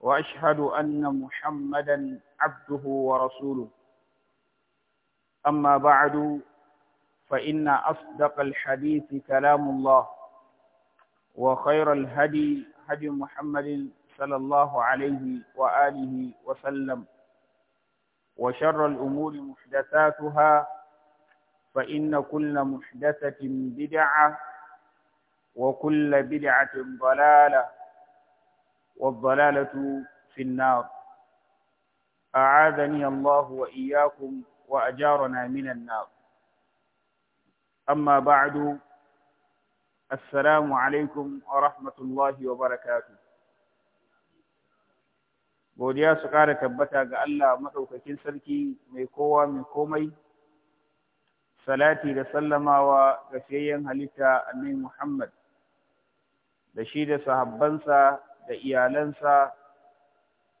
وأشهد أن محمدا عبده ورسوله أما بعد فإن أصدق الحديث كلام الله وخير الهدي هدي محمد صلى الله عليه وآله وسلم وشر الأمور محدثاتها فإن كل محدثة بدعة وكل بدعة ضلالة والضلالة في النار أعاذني الله وإياكم وأجارنا من النار أما بعد السلام عليكم ورحمة الله وبركاته godiya su ƙara tabbata ga Allah maɗaukakin sarki mai kowa mai komai salati da sallamawa ga fiyayyen halitta annabi Muhammad da shi da sahabbansa da iyalansa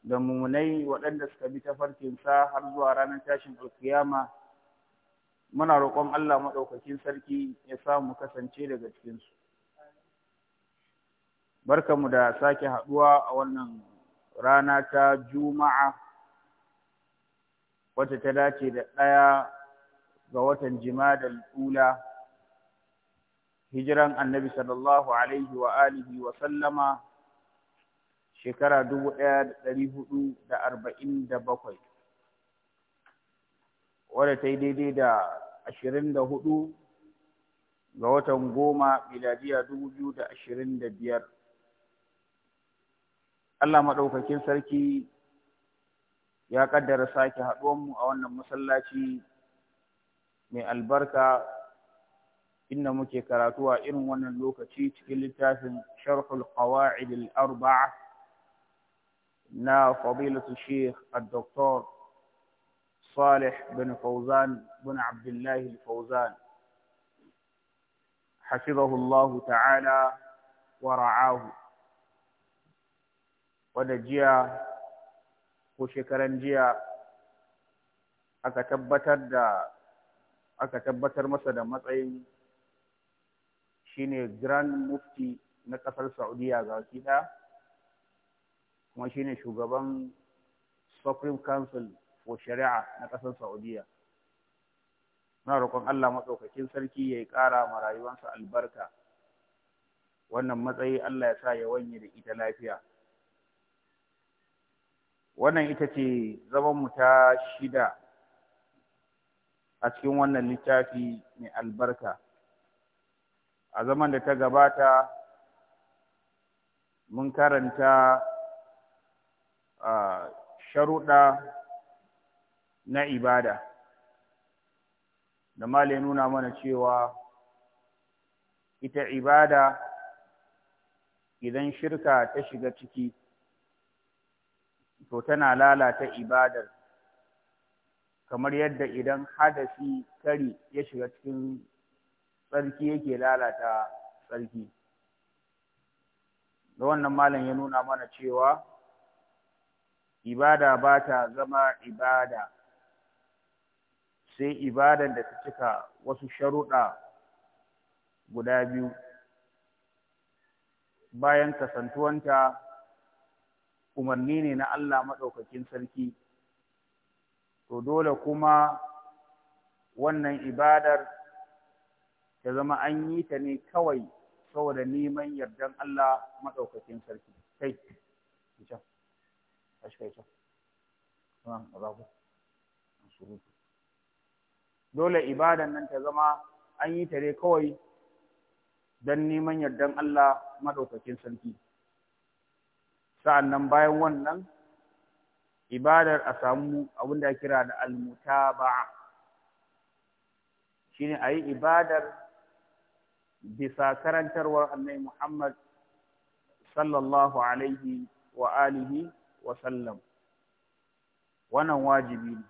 da mumunai waɗanda suka bi ta farkinsa har zuwa ranar tashin alkiyama muna roƙon Allah maɗaukakin sarki ya samu kasance daga cikinsu. mu da sake haɗuwa a wannan rana ta Juma'a Wata ta dace da ɗaya ga watan da Ula, hijiran annabi sallallahu Alaihi wa alihi wa sallama shekara dubu ɗaya da ɗari huɗu da arba'in da bakwai wadda ta yi daidai da ashirin da hudu ga watan goma miladiya dubu biyu da ashirin da biyar Allah maɗaukakin sarki ya ƙaddara sake haɗuwanmu a wannan masallaci mai albarka inda muke karatu a irin wannan lokaci cikin littafin sharhul qawa'id al-arba'a na fadilatu sheikh al-doktor salih bin fauzan bin abdullahi fauzan hafizahullahu ta'ala wa ra'ahu wadda jiya ko shekaran jiya aka tabbatar da aka tabbatar masa da matsayin shine grand mufti na kasar Saudiya ga ɗaya kuma shi ne shugaban Supreme Council for Sharia na ƙasar Saudiya. Muna roƙon Allah matsaukakin sarki ya yi ƙara ma rayuwarsa albarka. Wannan matsayi Allah ya sa ya wanye da ita lafiya. Wannan ita ce zamanmu ta shida a cikin wannan littafi mai albarka. A zaman da ta gabata, mun karanta sharuɗa na ibada da male nuna mana cewa ita ibada idan shirka ta shiga ciki to tana lalata ibadar kamar yadda idan hadasi kari ya shiga cikin tsarki yake lalata tsarki da wannan malam ya nuna mana cewa ibada ba ta zama ibada sai ibadan da ta cika wasu sharuɗa guda biyu bayan kasantuwanta umarni ne na Allah maɗaukakin sarki to dole kuma wannan ibadar ta zama an yi ta ne kawai saboda neman yardan Allah maɗaukakin sarki kai Ah, dole ibadan nan ta zama an yi tare kawai don neman yardan Allah madaukakin sarki sa'an nan bayan wannan ibadar a samu abin da kira da almutaba'a shine a yi ibadar bisa karantarwar Annabi Muhammad sallallahu alaihi wa alihi wa wannan wajibi ne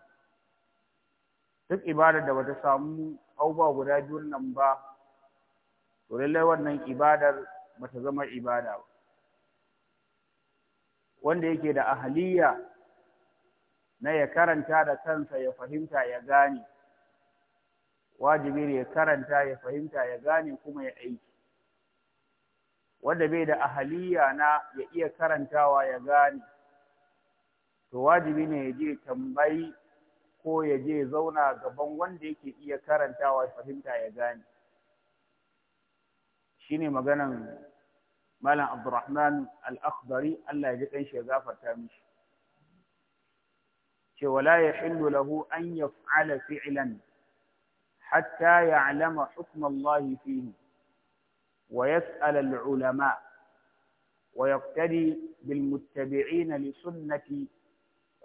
duk ibadar da bata samu ba guda biyun nan ba to lallai wannan ibadar bata zama ibada ba wanda yake da ahaliya na ya karanta da kansa ya fahimta ya gane wajibi ne ya karanta ya fahimta ya gane kuma ya aiki wanda bai da ahaliya na ya iya karantawa ya gane to wajibi ne yaje tambayi ko yaje zauna gaban wanda yake iya karantawa fahimta ya gane shine maganan malam abdurrahman al-akhdari Allah ya ji kan shi ya gafarta mishi ce wala yahillu lahu an yaf'ala fi'lan hatta ya'lama hukm Allah fihi wa yas'al al-ulama ويقتدي بالمتبعين لسنة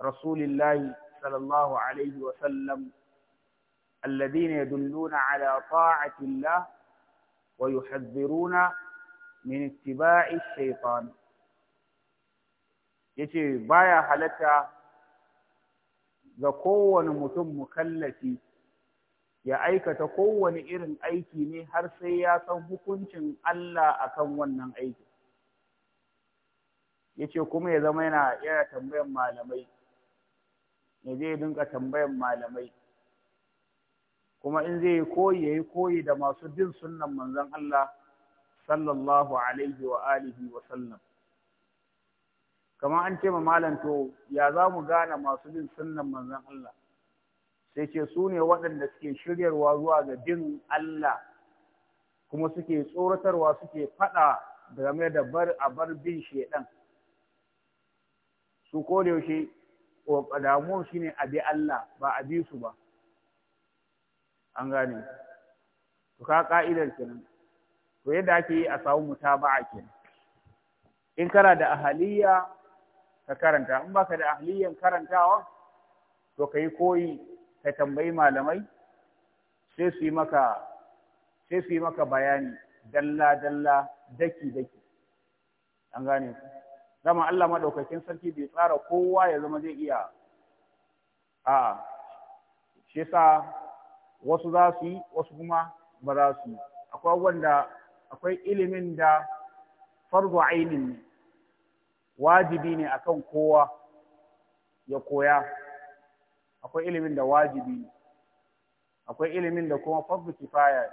رسول الله صلى الله عليه وسلم الذين يدلون على طاعة الله ويحذرون من اتباع الشيطان yace baya halatta ga kowane mutum mukallafi ya aikata kowane irin aiki ne har sai ya san hukuncin Allah akan wannan aiki yace kuma ya zama yana yana tambayan malamai ne je dinka tambayan malamai kuma in zai koyi yayi koyi da masu bin sunnan manzon Allah sallallahu alaihi wa alihi wa sallam kamar an ce ma malam to ya za mu gane masu bin sunnan manzon Allah sai ce su ne waɗanda suke shiryarwa zuwa ga bin Allah kuma suke tsoratarwa suke faɗa game da bar a bar bin shedan su ko da yaushe damuwan shi ne a bi Allah ba a bi su ba an gane to ka ka'idar kenan to yadda ake yi a samu a kenan in kana da ahaliya ka karanta in baka da ahaliyan karantawa to ka yi koyi ka tambayi malamai sai su yi maka sai su yi maka bayani dalla dalla daki daki an gane ku dama Allah madaukakin sarki bai tsara kowa ya zama zai iya a shi sa wasu za su yi wasu kuma ba za su yi akwai wanda akwai ilimin da farzu ainin ne wajibi ne akan kowa ya koya akwai ilimin da wajibi ne akwai ilimin da kuma farzu kifaya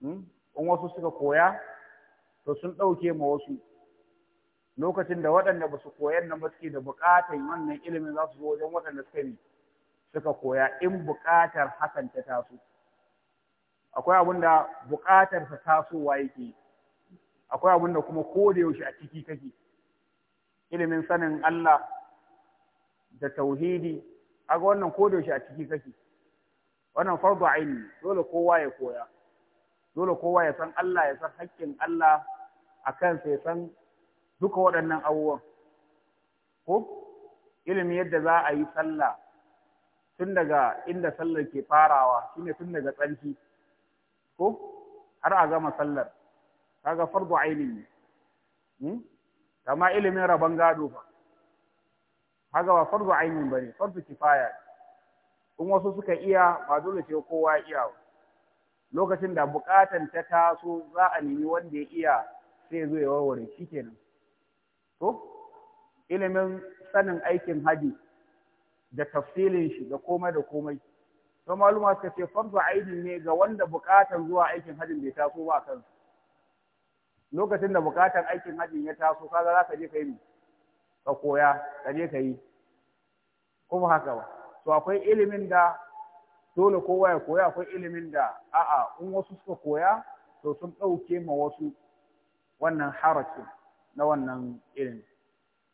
hmm? in wasu suka koya to sun ɗauke ma wasu lokacin da waɗanda ba su koyar nan ba suke da buƙatar wannan ilimin za su zo wajen waɗanda suka yi suka koya in buƙatar hakan ta taso akwai abin da buƙatar ta tasowa yake akwai abin da kuma ko da yaushe a ciki kake ilimin sanin Allah da tauhidi aga wannan ko da yaushe a ciki kake wannan fardu aini dole kowa ya koya dole kowa ya san Allah ya san haƙƙin Allah a kansa ya san duka waɗannan abubuwan ko ilimin yadda za a yi sallah tun daga inda sallar ke farawa shine tun daga tsarki ko har a gama sallar kaga fardu aini ne kama hmm? ilimin rabon gado fa kaga ba fardu aini bane fardu kifaya in wasu suka iya ba dole ce kowa iya lokacin da bukatan ta taso za a nemi wanda ya iya sai zo ya warware shikenan ko ilimin sanin aikin haji da tafsilin shi da komai da komai to maluma suka ce farzu aidin ne ga wanda bukatar zuwa aikin hajin bai taso ba kan lokacin da bukatar aikin hajin ya taso kaga za ka je ka yi ka koya ka je ka yi kuma haka ba to akwai ilimin da dole kowa ya koya akwai ilimin da a'a in wasu suka koya to sun ɗauke ma wasu wannan harakin na wannan irin.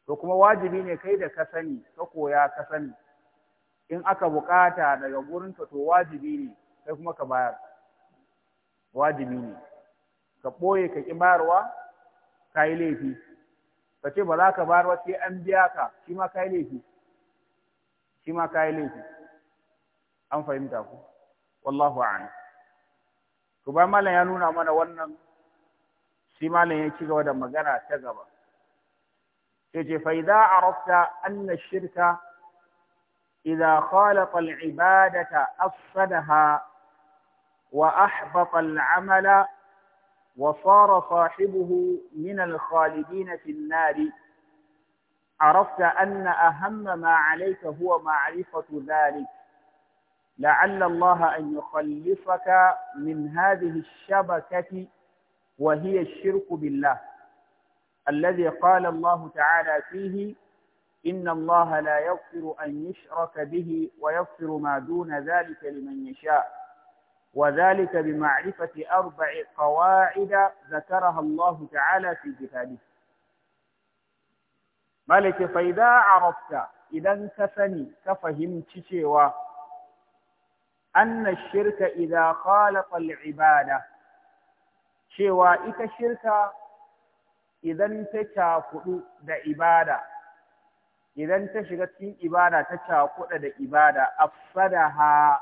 to kuma wajibi ne kai da ka sani ka koya ka sani in aka bukata daga gurinka to wajibi ne kai kuma ka bayar wajibi ne ka ɓoye ka ƙi bayarwa ka yi laifi ka ce ba za ka bayarwa sai an biya ka shi ma ka yi laifi shi ma ka yi laifi an fahimta ku wallahu a'lam to bayan malam ya nuna mana wannan سيمان يتيجا ودا مجانا تجبا تجي فإذا عرفت أن الشرك إذا خالط العبادة أفسدها وأحبط العمل وصار صاحبه من الخالدين في النار عرفت أن أهم ما عليك هو معرفة ذلك لعل الله أن يخلصك من هذه الشبكة وهي الشرك بالله الذي قال الله تعالى فيه إن الله لا يغفر أن يشرك به ويغفر ما دون ذلك لمن يشاء وذلك بمعرفة أربع قواعد ذكرها الله تعالى في كتابه ملك فإذا عرفت إذا انكفني كفهمت شيئا أن الشرك إذا خالط العبادة cewa ita shirka idan ta cakudu da ibada idan ta shiga cikin ibada ta cakuda da ibada afsadaha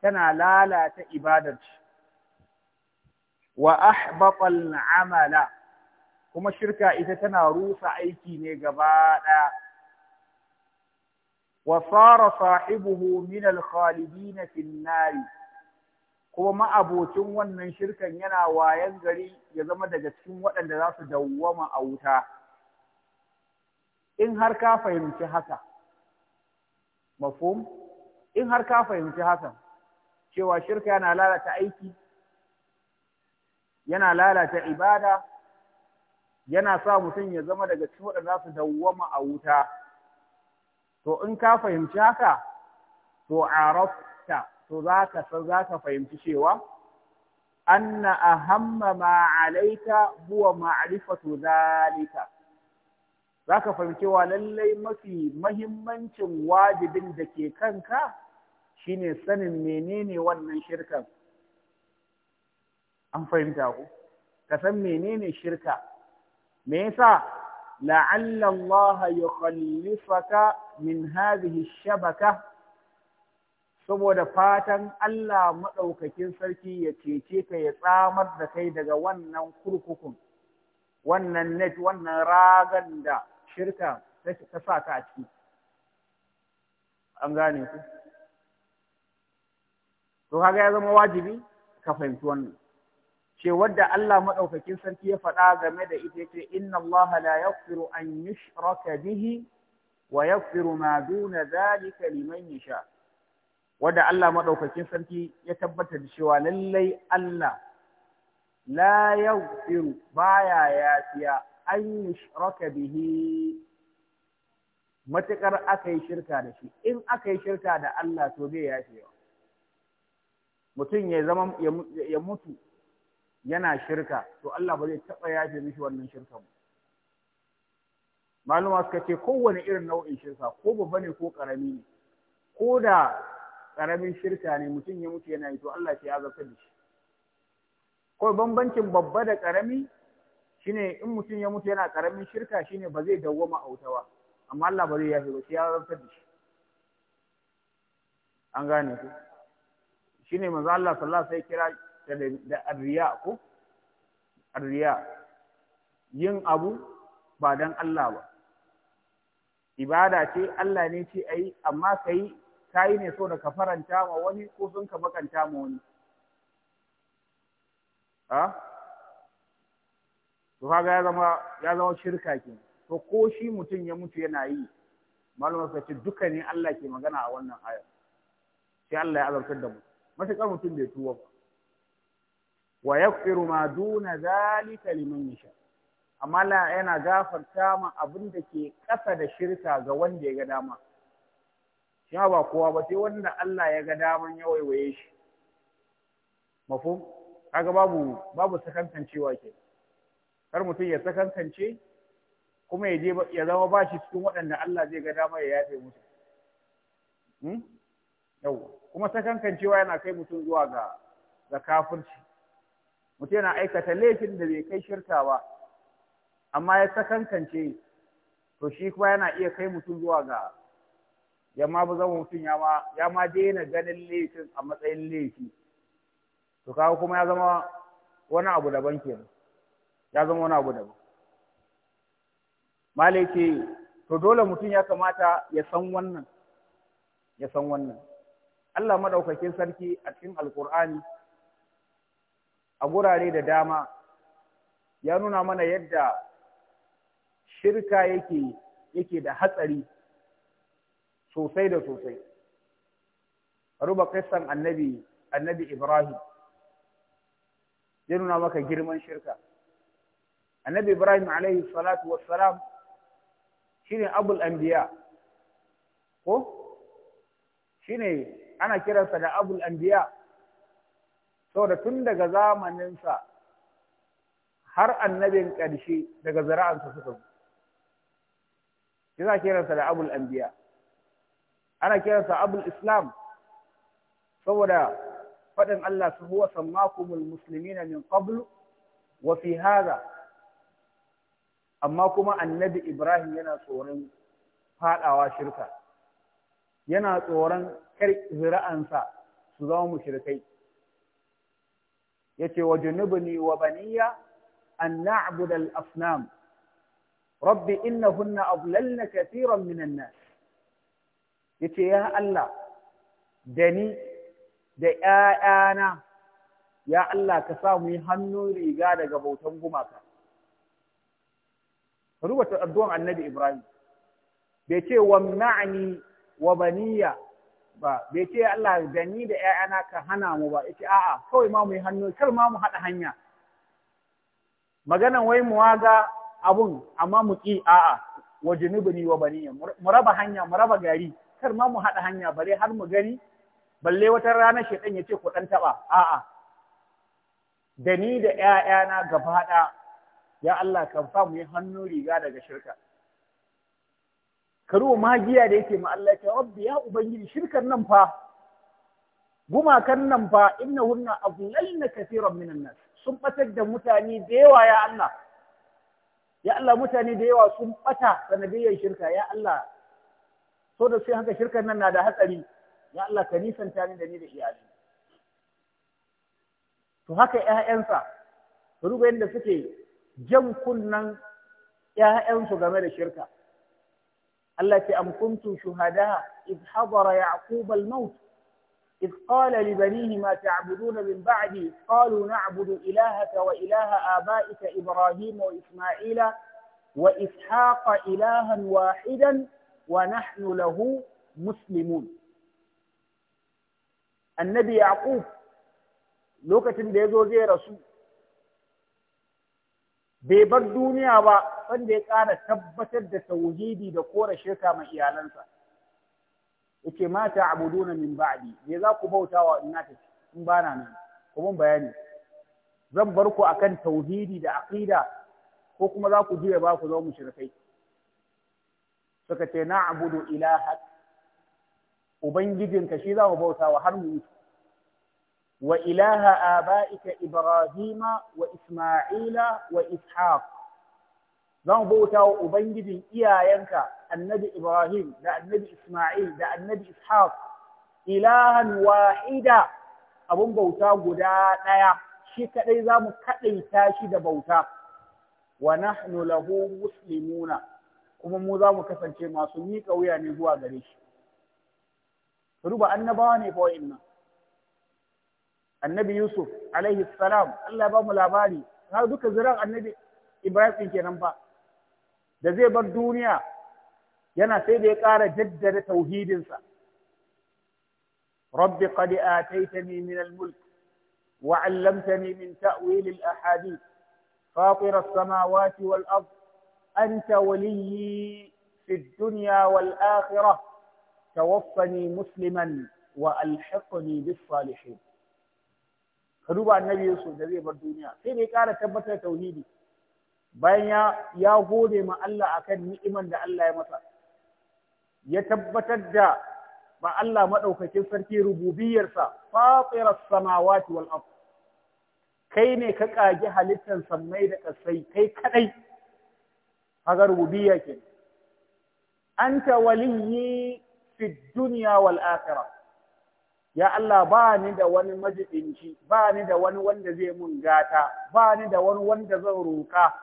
tana lalata ibadar shi wa ahbata amala. kuma shirka ita tana rusa aiki ne gaba wa sara sahibuhu min al-khalidin nari kuma ma'abocin wannan shirkan yana wayan gari ya zama daga cikin waɗanda za su dawwama a wuta in har ka fahimci haka mafhum in har ka fahimci haka cewa shirka yana lalata aiki yana lalata ibada yana sa mutum ya zama daga cikin waɗanda za su dawwama a wuta to in ka fahimci haka to arafta to za ka za ka fahimci cewa anna ahamma ma alaika huwa ma'rifatu zalika za ka fahimci cewa lallai mafi mahimmancin wajibin da ke kanka shine sanin menene wannan shirkan an fahimta ku ka san menene shirka me yasa la'alla Allah ya khallifaka min hadhihi shabaka saboda fatan Allah maɗaukakin sarki ya cece ka ya tsamar da kai daga wannan kurkukun, wannan net, wannan ragan da shirka ta sa ka a ciki. An gane ku? To, kaga ya zama wajibi ka fahimci wannan. Ce wadda Allah maɗaukakin sarki ya faɗa game da ita ce, Inna Allah la yaghfiru an yushraka bihi wa yaghfiru ma duna zalika liman yasha. wadda Allah maɗaukakin sarki ya tabbatar da cewa lallai Allah la ba baya yafiya an yushraka bihi matakar aka yi shirka da shi in aka yi shirka da Allah to bai yafewa mutum ya zama ya mutu yana shirka to Allah ba zai taɓa yafe mishi wannan shirka ba maluma suka ce kowane irin nau'in shirka ko babba ne ko ƙarami ne ko da karamin shirka ne mutum ya mutu yana yi to Allah ya zafi da shi kawai bambancin babba da karami shine in mutum ya mutu yana karamin shirka shine ba zai dawo ma'autawa. amma Allah ba zai yafe ba shi ya zafi da shi an gane ku ne maza Allah sallallahu sai kira da arriya ko arriya yin abu ba don Allah ba ibada ce Allah ne ce a yi amma ka yi. ka yi ne so da ka faranta ma wani ko sun ka makanta ma wani ha to kaga ya zama ya zama shirka ke to ko shi mutum ya mutu yana yi malama ka ce duka ne Allah ke magana a wannan ayar sai Allah ya azartar da mu matakar mutum bai tuwa ba wa yaqiru ma duna zalika liman yasha amma yana gafarta ma abin da ke kasa da shirka ga wanda ya ga dama shi ba kowa ba sai wanda Allah ya ga damar yawaiwaye shi Mafu? kaga babu babu sakantancewa ke kar mutum ya sakantance kuma ya zama ba shi cikin waɗanda Allah zai ga damar ya yafe musu hmm? yau kuma sakankancewa yana kai mutum zuwa ga ga kafirci mutum yana aikata laifin da bai kai shirka ba amma ya sakankance to shi kuma yana iya kai mutum zuwa ga yamma ba zama mutum ya ma ya ma daina ganin laifin a matsayin laifi to kawo kuma ya zama wani abu daban kenan ya zama wani abu daban malai to dole mutum ya kamata ya san wannan ya san wannan Allah madaukakin sarki a cikin alkur'ani a gurare da dama ya nuna mana yadda shirka yake yake da hatsari sosai da sosai ruba kissan annabi annabi Ibrahim ya nuna maka girman shirka annabi Ibrahim alaihi salatu wassalam shine abul anbiya ko shi ne ana kiransa da abul anbiya saboda tun daga zamaninsa har annabin ƙarshe daga zara'ansa suka zo. Ki za kiransa da abul anbiya. ana kiransa abul islam saboda faɗin Allah su huwa sammakumul na min qablu wa fi hada amma kuma annabi Ibrahim yana tsoron faɗawa shirka yana tsoron kar zira'ansa su zama Ya yace wa junubni wa baniya an na'budu asnam rabbi innahunna adlalna katiran minan nas ya ce ya Allah da ni da ‘ya'yana ya Allah ka sa mu yi hannun riga daga bautan gumaka ka addu'an annabi Ibrahim bai ce wa ma'ani wa baniya ba bai ce Allah da ni da ‘ya'yana ka hana mu ba yace a'a kawai ma mu yi hannu kar ma mu haɗa hanya maganan wai mu waga abun amma mu ki a'a wa ni wa baniya mu raba hanya mu raba gari kar ma mu haɗa hanya bare har mu gani balle wata rana shedan ya ce ku ɗan taɓa a'a da ni da ƴaƴana gaba haɗa, ya Allah kan fa mu yi hannu riga daga shirka karuwa magiya da yake ma Allah ya rabbi ya ubangiji shirkan nan fa gumakan nan fa innahunna adlalna kaseeran minan nas sun batar da mutane da yawa ya Allah ya Allah mutane da yawa sun bata sanadiyyar shirka ya Allah so da sai haka shirkan nan na da hatsari ya Allah ka nisanta ni da ni da iyali to haka ƴaƴansa ruba yadda suke jan kunnan ƴaƴansu game da shirka Allah ce am kuntum shuhada idh hadara yaqub al-maut إذ قال لبنيه ما تعبدون من بعدي قالوا نعبد إلهك وإله آبائك إبراهيم وإسماعيل وإسحاق إلها واحدا wa nahnu lahu muslimun annabi yaqub lokacin da yazo zai rasu bai bar duniya ba wanda ya ƙara tabbatar da tauhidi da kora shirka ma iyalansa yace ma ta'buduna min ba'di me za ku bautawa in na tafi in bana nan kuma bayani zan bar ku akan tauhidi da aqida ko kuma za ku juya ba ku zama mushrikai suka ce na'budu ilahak ubangijinka shi za mu har mu mutu wa ilaha aba'ika ibrahima wa isma'ila wa ishaq za mu wa ubangijin iyayenka annabi ibrahim da annabi isma'il da annabi ishaq ilahan wahida abun bauta guda ɗaya shi kaɗai za mu kaɗaita shi da bauta wa nahnu lahu muslimuna kuma mu za mu kasance masu miƙa wuya ne zuwa gare shi ruba annabawa ne fa wa'annan annabi yusuf alaihi salam Allah ba mu labari har duka ziran annabi ibrahim kenan ba da zai bar duniya yana sai da ya ƙara jaddada tauhidinsa rabbi qad ataitani min al-mulk wa 'allamtani min ta'wil al-ahadith fatir as-samawati wal-ardh أنت ولي في الدنيا والآخرة توفني مسلما وألحقني بالصالحين خدوبة النبي يوسف يسوع جزيه الدنيا في ذكارة تبت توحيدي بين يا يا قولي ما الله أكن نعما دع الله يا مطر يا تبت الدع ما الله ما أوكي كسر كي ربوبية سا فاطر السماوات والأرض كيني كك أجهل تنسميدك سي كي كني kaga rububiyya ke ta waliyi fi duniya wal akhirah ya Allah ba ni da wani shi ba ni da wani wanda zai mun gata ba ni da wani wanda zan roka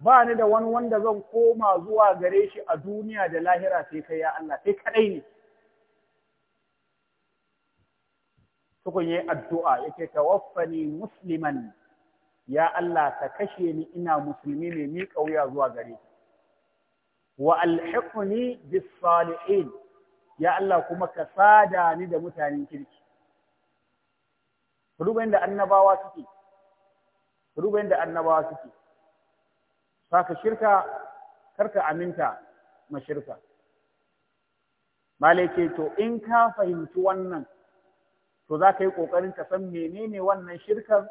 ba ni da wani wanda zan koma zuwa gare shi a duniya da lahira sai kai ya Allah sai kadai ne tukun yi addu'a yake tawaffani musliman ya Allah ka kashe ni ina musulmi ne ni wuya zuwa gare ka wa alhiqni bis salihin ya Allah kuma ka sada ni da mutanen kirki ruben da annabawa suke ruben da annabawa suke saka shirka karka aminta mashirka malai ce to in ka fahimci wannan to za ka yi ƙoƙarin ka san menene wannan shirkar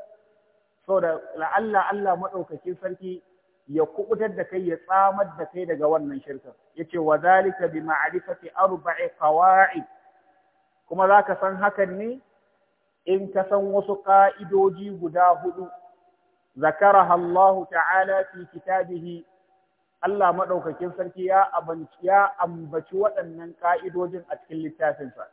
saboda la'alla Allah maɗaukakin sarki ya kubutar da kai ya tsamar da kai daga wannan shirka yace wa zalika bi ma'rifati arba'i qawaid kuma zaka san hakan ne in ka san wasu ka'idoji guda hudu zakaraha Allah ta'ala fi kitabihi Allah madaukakin sarki ya abanci ya ambaci waɗannan ka'idojin a cikin littafinsa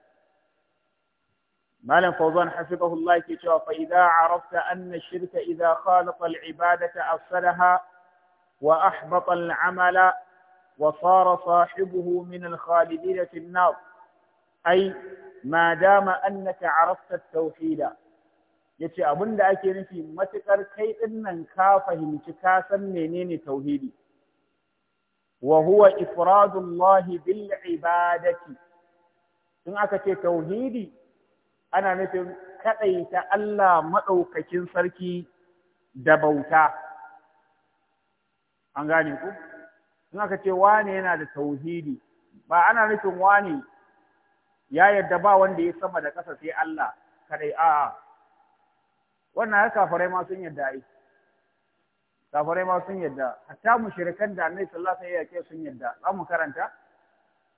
Malam Fawzan hafizahu Allah ke cewa fa idza arafta anna shirka idza khalaqa al-ibadata afsadaha وأحبط العمل وصار صاحبه من الخالدين في النار أي ما دام أنك عرفت التوحيد يتي أبن دا أكي نفي متكر كي إن كافه متكاسا منين توحيدي وهو إفراد الله بالعبادة إن أكتي توحيدي أنا نفي كأيت ألا مأوكك سركي دبوتا an gane ku sun aka ce wane yana da tauhidi ba ana nufin wane ya yarda ba wanda ya sama da ƙasa sai Allah kadai a'a wannan har kafirai ma sun yarda ai kafirai ma sun yarda hatta mushrikan da Annabi sallallahu alaihi wasallam ya sun yarda za mu karanta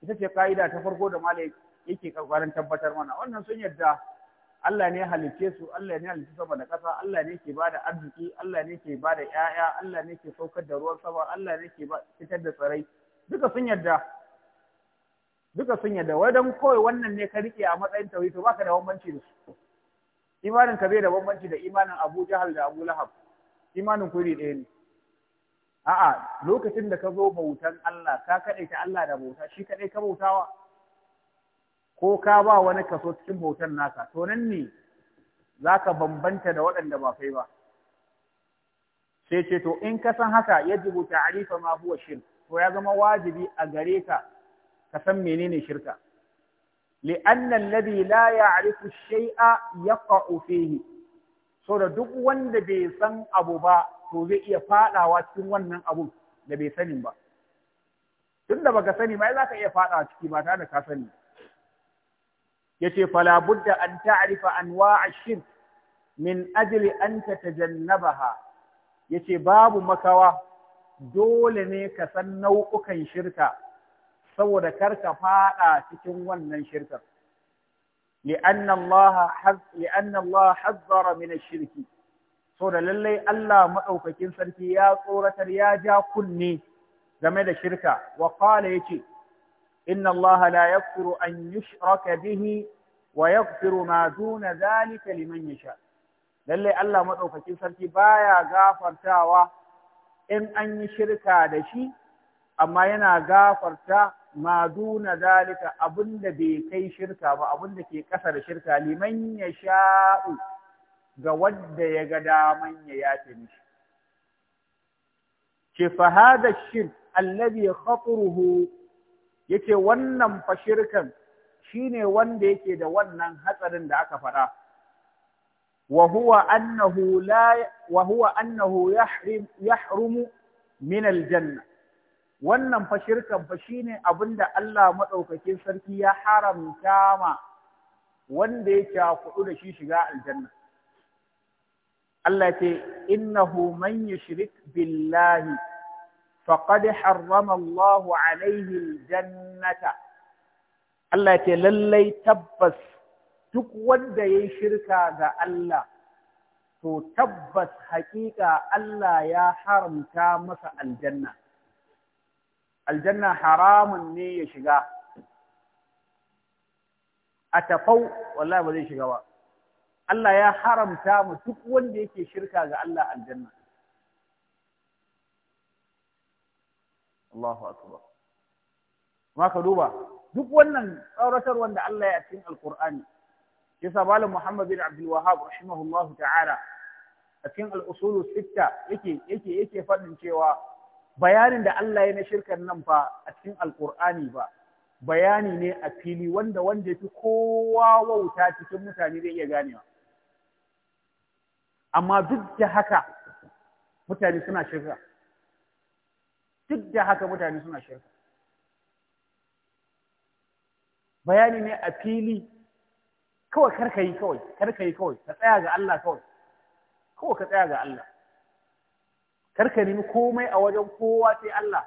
ita ce kaida ta farko da malai yake kokarin tabbatar mana wannan sun yarda Allah ne halice su Allah ne halice sama da ƙasa Allah ne ke bada arziki Allah ne ke bada ƴaƴa Allah ne ke saukar da ruwan sama Allah ne ke fitar da tsirai duka sun yarda duka sun yarda wai don kawai wannan ne ka riƙe a matsayin tauhid to baka da bambanci da su imanin ka bai da bambanci da imanin Abu Jahal da Abu Lahab imanin kuri ɗaya ne a'a lokacin da ka zo bautan Allah ka kaɗaita Allah da bauta shi kaɗai ka bautawa ko ka ba wani kaso cikin hoton naka to nan ne ka bambanta da waɗanda ba kai ba sai ce to in ka san haka yajibu arifa ma huwa shirk to ya zama wajibi a gare ka ka san menene shirka li'anna alladhi la ya'rifu shay'a yaqa'u fihi so da duk wanda bai san abu ba to zai iya fadawa cikin wannan abun da bai sani ba tunda baka sani ba za ka iya fadawa ciki ba tare da ka sani yace fala budda an ta'rifa anwa' shirk min ajli an tatajannabaha yace babu makawa dole ne ka san nau'ukan shirka saboda kar ka fada cikin wannan shirkar لأن الله حذ لأن الله حذر من الشرك سورة للي ألا ya سركي يا صورة يا جا كني زمد الشركة وقال يتي إن الله لا يغفر أن يشرك به ويغفر ما دون ذلك لمن يشاء lalle Allah madaukakin sarki baya gafartawa in an yi shirka da shi amma yana gafarta ma duna zalika abinda bai kai shirka ba abinda ke ƙasa da shirka liman ya sha'u ga wadda ya ga daman ya yafe mishi ce fa hada shirk alladhi khataruhu yace wannan fashirkan shine wanda yake da wannan hatsarin da aka faɗa wa huwa annahu la wa huwa annahu yahrim yahrumu min aljanna wannan fashirkan fa shine abinda Allah madaukakin sarki ya haramta ma wanda ya cakudu da shi shiga aljanna Allah ce innahu man yushrik billahi faqad harrama Allahu alaihi jannata Allah ce lallai tabbas duk wanda yayi shirka ga Allah to tabbas haƙiƙa Allah ya haramta masa aljanna aljanna haramun ne ya shiga a tafau wallahi ba zai shiga ba Allah ya haramta mu duk wanda yake shirka ga Allah aljanna Allahu akbar kuma ka duba duk wannan tsauratar wanda Allah ya cikin alqur'ani yasa malam Muhammad bin Abdul Wahhab rahimahullahu ta'ala a cikin al-usul sitta yake yake yake fadin cewa bayanin da Allah ya na shirkan nan ba a cikin alqur'ani ba bayani ne a fili wanda wanda ya fi kowa wauta cikin mutane zai iya ganewa. Amma duk da haka mutane suna shirka. duk da haka mutane suna shirka bayani ne a fili kawai karkayi yi kawai karkayi yi kawai ka tsaya ga Allah kawai kawai ka tsaya ga Allah karka nemi komai a wajen kowa sai Allah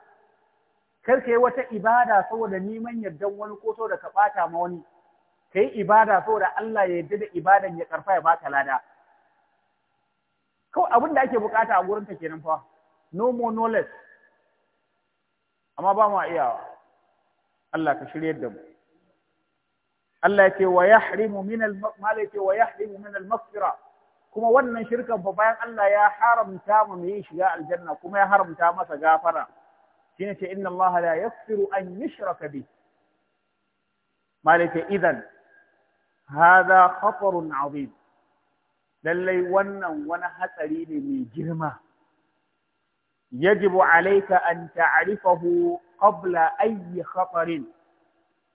karka yi wata ibada saboda neman yardan wani ko saboda ka bata ma wani ka yi ibada saboda Allah ya yarda da ibadan ya karfa ya baka lada kawai abin da ake bukata a gurin ta kenan fa no more no less amma ba mu iyawa Allah ka shiryar da mu Allah yake wa yahrimu min al wa yahrimu min al maghfira kuma wannan shirkan fa bayan Allah ya haramta mu yi shiga aljanna kuma ya haramta masa gafara shine ce inna Allah la yaghfiru an yushraka bi malaka idan hadha khatarun azim lallai wannan wani hatsari ne mai girma yajibu alaika an ta'rifahu qabla ayyi khatarin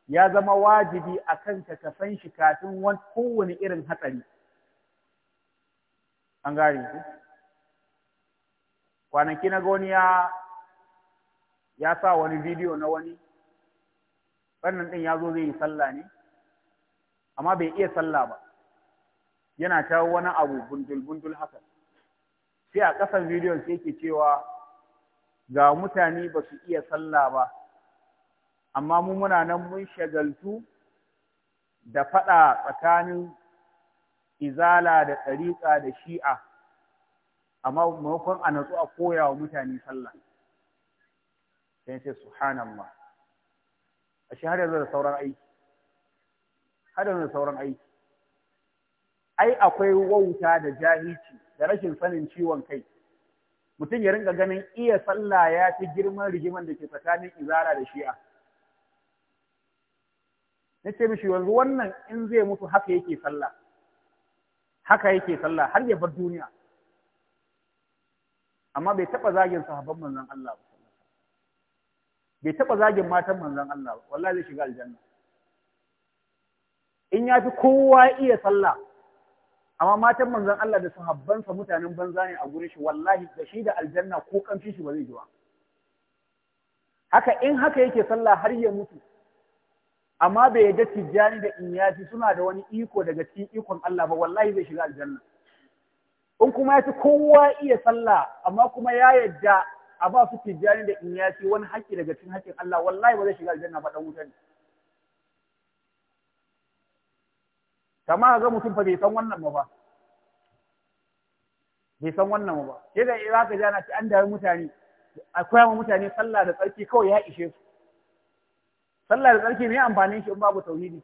ya zama wajibi a kanka ka san shi kafin kowane irin hatsari an gane ku kwanaki na goni ya ya sa wani bidiyo na wani wannan din ya zo zai yi sallah ne amma bai iya sallah ba yana ta wani abu bundul bundul haka sai a ƙasan bidiyon sai ke cewa ga mutane ba su iya sallah ba amma mu muna nan mun shagaltu da faɗa tsakanin izala da ɗariƙa da shi'a amma maimakon a natsu a koya wa mutane sallah sai ce subhanallah a shi har yanzu da sauran aiki har yanzu da sauran aiki ai akwai wauta da jahilci da rashin sanin ciwon kai mutum ya ringa ganin iya sallah ya fi girman rigiman da ke tsakanin izara da shi'a na ce mishi yanzu wannan in zai mutu haka yake sallah haka yake sallah har ya bar duniya amma bai taɓa zagin sahabban manzon Allah ba bai taɓa zagin matan manzon Allah ba wallahi zai shiga aljanna in ya fi kowa iya sallah amma matan manzon Allah da su sahabbansa mutanen banza ne a gurin shi wallahi da shi da aljanna ko kamshin shi ba zai jiwa haka in haka yake sallah har ya mutu amma bai yadda tijjani da inyaji suna da wani iko daga cikin ikon Allah ba wallahi zai shiga aljanna in kuma ya ci kowa iya sallah amma kuma ya yadda a ba su tijjani da inyaji wani haƙƙi daga cikin haƙƙin Allah wallahi ba zai shiga aljanna ba dan wuta ne Kama ga mutum fa bai san wannan ba bai san wannan ba sai da za ka jana ci an da mutane akwai mu mutane sallah da tsarki kawai ya ishe su sallah da tsarki ne amfanin shi in babu tauhidi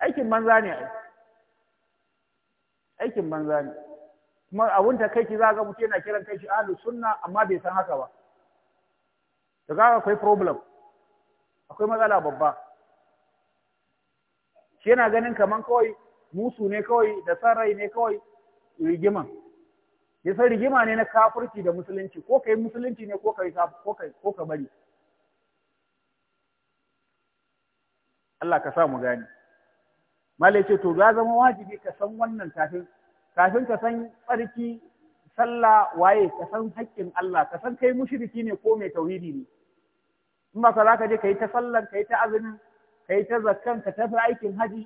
aikin banza ne ai aikin banza ne kuma abun ta kai ki za ga mutum yana kiran kai shi ahlus sunna amma bai san haka ba da ga akwai problem akwai matsala babba shi yana ganin kaman kawai musu ne kawai da san rai ne kawai rigiman ya san rigima ne na kafirci da musulunci ko kai musulunci ne ko kai ko ko ka bari Allah ka sa mu gani malai ce to ya zama wajibi ka san wannan kafin kafin ka san tsarki sallah waye ka san haƙƙin Allah ka san kai mushriki ne ko mai tauhidi ne in ba ka za ka je ka yi ta sallar ka yi ta azumin kai ta zakkan ka tafi aikin haji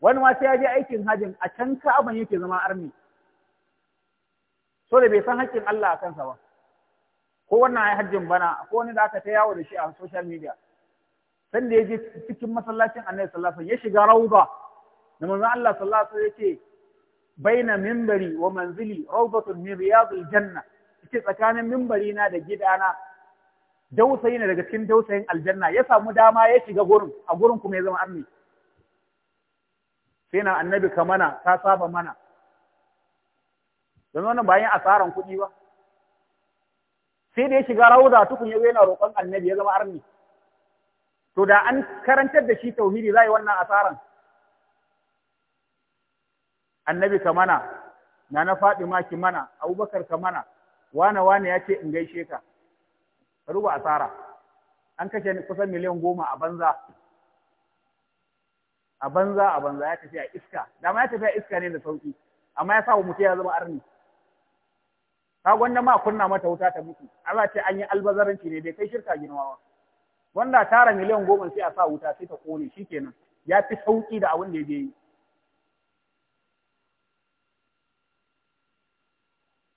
wani wata ya je aikin hajin a can ka abin yake zama arni so da bai san haƙƙin Allah a kansa ba ko wannan ya hajjin bana ko wani da aka ta yawo da shi a social media san da ya je cikin masallacin Annabi sallallahu alaihi ya shiga ra'uba. da manzon Allah sallallahu alaihi wasallam yake baina minbari wa manzili rawdatun min riyadil janna yake tsakanin minbari na da gidana dausayi ne daga cikin dausayin aljanna ya samu dama ya shiga gurin a gurin kuma ya zama arni sai na annabi ka mana ka saba mana don wannan bayan asaran kuɗi ba sai da ya shiga ra'uza tukun ya yana roƙon annabi ya zama arni to da an karantar da shi tauhidi yi wannan asaran annabi ka mana na na faɗi ma mana abubakar ka mana wane wane ya ce in gaishe ka ka duba asara an kashe kusan miliyan goma a banza a banza a banza ya tafi a iska dama ya tafi a iska ne da sauki amma ya sa wa mutu ya zama arni ka wanda ma kunna mata wuta ta mutu Allah ce an yi albazaranci ne bai kai shirka girmawa wanda tara miliyan goma sai a sa wuta sai ta kone shikenan ya fi sauki da abin da ya yi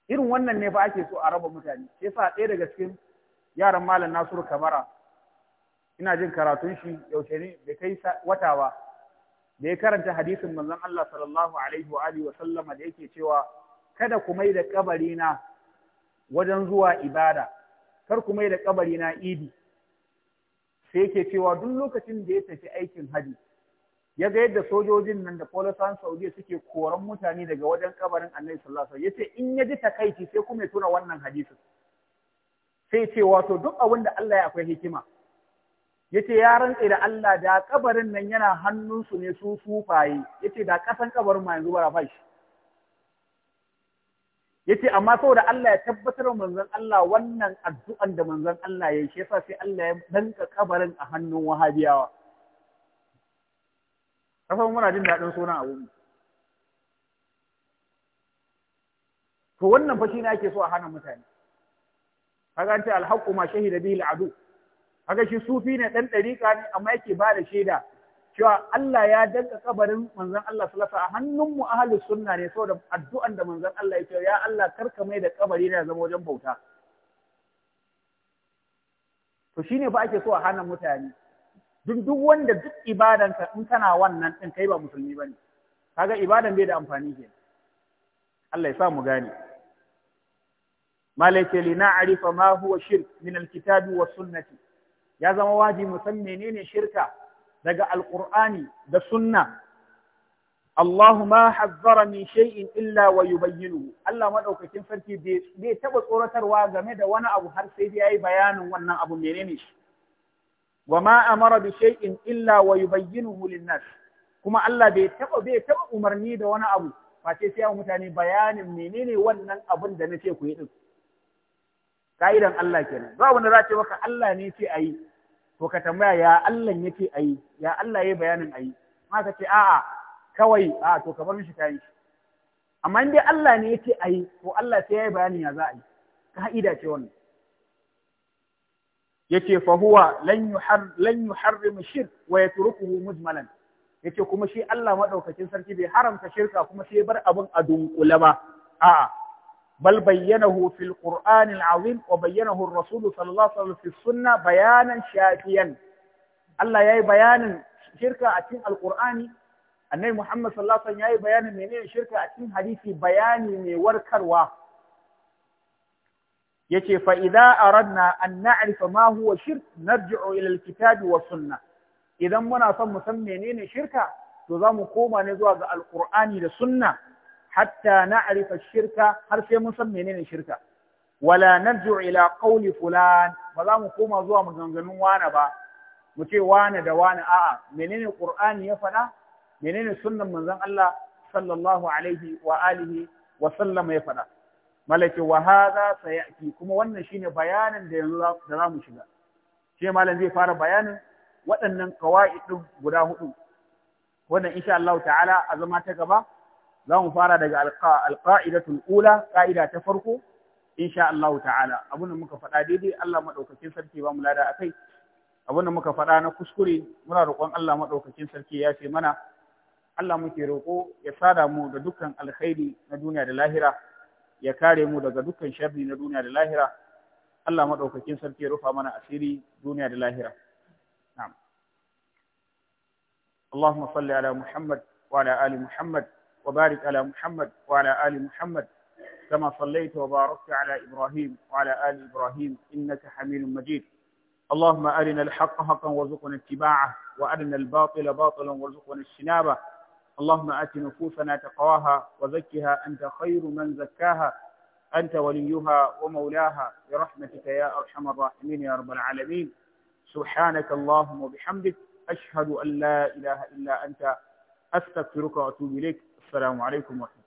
irin wannan ne fa ake so a raba mutane sai sa ɗaya daga cikin yaran malam Nasiru Kamara ina jin karatun shi yaushe ne bai kai wata ba da ya karanta hadisin manzon Allah sallallahu alaihi wa alihi wa sallama da yake cewa kada ku mai da kabari na wajen zuwa ibada kar ku mai da kabari na idi sai yake cewa duk lokacin da ya tafi aikin haji ya ga yadda sojojin nan da polisan Saudi suke koran mutane daga wajen kabarin Annabi sallallahu alaihi sallam yace in ya ji takaici sai kuma ya tura wannan hadisin sai ce wato duk abin da Allah ya akwai hikima yace ya rantse da Allah da kabarin nan yana hannunsu ne su sufaye yace da kasan kabarin ma yanzu bara fashi yace amma saboda Allah ya tabbatar manzon Allah wannan addu'an da manzon Allah ya shi sai Allah ya danka kabarin a hannun wahabiyawa kafa muna jin daɗin sunan abun to wannan fa na ake so a hana mutane kaga an ce alhaqu ma shahida bihi al'adu kaga shi sufi ne dan dariƙa ne amma yake ba da shaida cewa Allah ya danka kabarin manzon Allah sallallahu alaihi a hannun mu ahli sunna ne saboda addu'an da manzon Allah yake ya Allah karka mai da kabari na zama wajen bauta to shine fa ake so a hana mutane duk duk wanda duk ibadanka in kana wannan din kai ba musulmi bane kaga ibadan bai da amfani kenan Allah ya sa mu gane malaita li na'rifa ma huwa shirk min alkitabi wa sunnati ya zama wajibi mu san menene shirka daga alqur'ani da sunna Allahu ma hazzara min shay'in illa wa yubayyinuhu Allah madaukakin sarki bai taba tsoratarwa game da wani abu har sai yayi bayanin wannan abu menene shi wa ma amara bi shay'in illa wa yubayyinuhu lin kuma Allah bai taba bai taba umarni da wani abu face sai ya mutane bayanin menene wannan abun da nace ku yi din ka'idan Allah kenan ba wanda za ce maka Allah ne ce ayi to ka tambaya ya Allah ya ce ayi ya Allah ya bayanin ayi ma ka ce a'a kawai A'a to ka bar mishi kayan shi amma in dai Allah ne ya ce ayi Ko Allah sai ya yi bayanin ya za a yi ka'ida ce wannan yace fa huwa lan yuhar lan yuharrim shirk wa yatrukuhu mujmalan yace kuma shi Allah madaukakin sarki bai haramta shirka kuma sai bar abun a dunkule ba a'a بل بينه في القرآن العظيم وبينه الرسول صلى الله عليه وسلم في السنة بيانا شافيا الله ياي بيانا شركة أتين القرآن النبي محمد صلى الله عليه وسلم ياي بيانا منين شركة أتين حديثي بياني من وركروا يتي فإذا أردنا أن نعرف ما هو شرك نرجع إلى الكتاب والسنة إذا منا صم مسمى منين شركة تضام قوما نزوى القرآن للسنة hatta na arifa shirka har sai mun san menene shirka wala narju ila qawli fulan ba za mu koma zuwa maganganun wana ba mu ce wane da wane a'a menene qur'ani ya faɗa menene sunnan manzon Allah sallallahu alaihi wa alihi wa sallama ya faɗa malaki wa hadha sayati kuma wannan shine bayanin da yanzu da za mu shiga shi malam zai fara bayanin waɗannan qawaid guda hudu wannan insha Allah ta'ala azama ta gaba za mu fara daga alƙa'idatul ula ƙa'ida ta farko insha Allah ta'ala abinda muka faɗa daidai Allah maɗaukakin sarki ba mu lada a kai abinda muka faɗa na kuskure muna roƙon Allah maɗaukakin sarki ya ce mana Allah muke roƙo ya sada mu da dukkan alkhairi na duniya da lahira ya kare mu daga dukkan sharri na duniya da lahira Allah maɗaukakin sarki ya rufa mana asiri duniya da lahira Allahumma salli ala Muhammad wa Muhammad. ali Muhammad وبارك على محمد وعلى آل محمد كما صليت وباركت على إبراهيم وعلى آل إبراهيم إنك حميد مجيد اللهم أرنا الحق حقا وارزقنا اتباعه وأرنا الباطل باطلا وارزقنا اجتنابه اللهم آت نفوسنا تقواها وزكها أنت خير من زكاها أنت وليها ومولاها برحمتك يا أرحم الراحمين يا رب العالمين سبحانك اللهم وبحمدك أشهد أن لا إله إلا أنت أستغفرك وأتوب إليك Assalamu alaikum wa